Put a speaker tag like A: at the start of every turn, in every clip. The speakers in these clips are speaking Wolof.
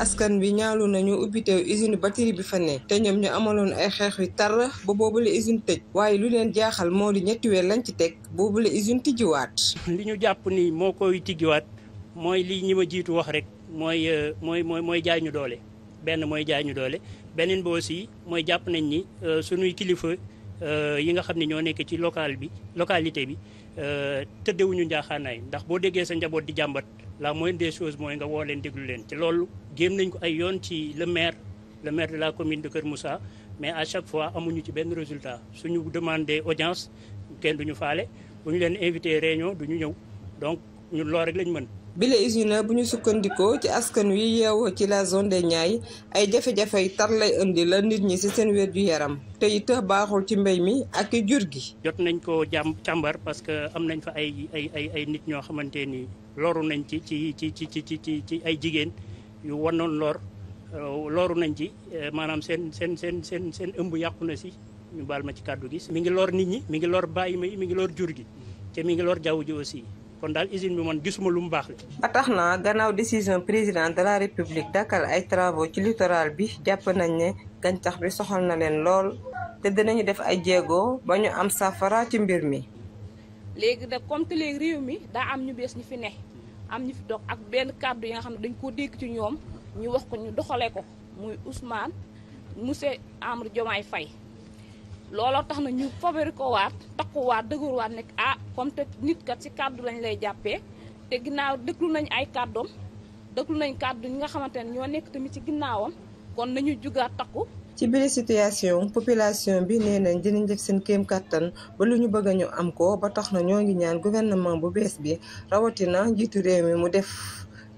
A: askan bi ñaalu nañu ubbiteew usine batterie bi fa ne te ñoom ñu amaloon ay xeex yu tar ba boobule usine tëj waaye lu leen jaaxal moo di ñetti weer lañ ci teg boobule usine tijjiwaat.
B: li ñu jàpp ni moo koy tijjiwaat mooy li ñi ma jiitu wax rek mooy euh, mooy mooy mooy jaay ñu doole benn mooy jaay ñu doole beneen bi aussi mooy jàpp nañ ni euh, sunuy kilifa. Euh, yi nga xam ne ñoo nekkee ci local bi localité bi euh, tëddewuñu njaaxaanaay ndax boo déggee sa njaboot di jàmbat la moindre des chose mooy nga woo leen déglu leen ci loolu géem nañ ko ay yoon ci le maire le maire de la commune de Kër Moussa mais à chaque fois amuñu ci benn résultat suñu demandé audience kenn duñu faale bu ñu leen invité réunion duñu ñëw donc ñu lool rek lañ mën
A: bile usine bu ñu sukkandikoo ci askan wi yeewoo ci la zone des Niayes ay jafe-jafey tar lay indi la nit ñi ci seen wér gu yaram te it baaxul ci mbéy mi ak jur gi.
B: jot nañ ko jàmm càmbar parce que am nañ fa ay ay ay ay nit ñoo xamante ni loru nañ ci ci ci ci ci ci ci ay jigéen yu wanoon lor euh, looru nañ ci euh, maanaam seen seen seen seen seen ëmb yàqu na si ñu baal ma ci kàddu gi. mi ngi lor nit ñi mi ngi lor bàyyi ma yi mi ngi lor jur gi te mi ngi lor jaww ji aussi. kon daal usine bi man gisuma lu mu baax
A: ba tax na gannaaw décision président de la république dakkal ay travaux ci littoral bi jàpp nañ ne gàncax bi soxal na leen lool te dinañu def ay jéego ba ñu am safara ci mbir mi.
C: léegi de comme te réew mi daa am ñu bees ñu fi ne am ñu fi dog ak benn kàddu yi nga xam ne dañ koo dégg ci ñoom ñu wax ko ñu doxalee ko muy Ousmane monsieur Amadou Diomaye Faye looloo tax na ñu fabari ko waat takkuwaat waat nekk ah comme te nit kat ci kàddu lañ lay jàppee te ginnaaw déglu nañ ay kàddoom déglu nañ kàddu ñi nga xamante ne ñoo nekk tamit ci ginnaawam kon nañu jugaat takku.
A: ci biir situation population bi nee nañ dinañ def seen kéem kattan ba lu ñu bëgg ñu am ko ba tax na ñoo ngi ñaan gouvernement bu bees bi rawatina njiitu réew mi mu def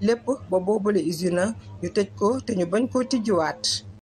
A: lépp ba boobule na ñu tëj ko te ñu bañ koo tijjiwaat.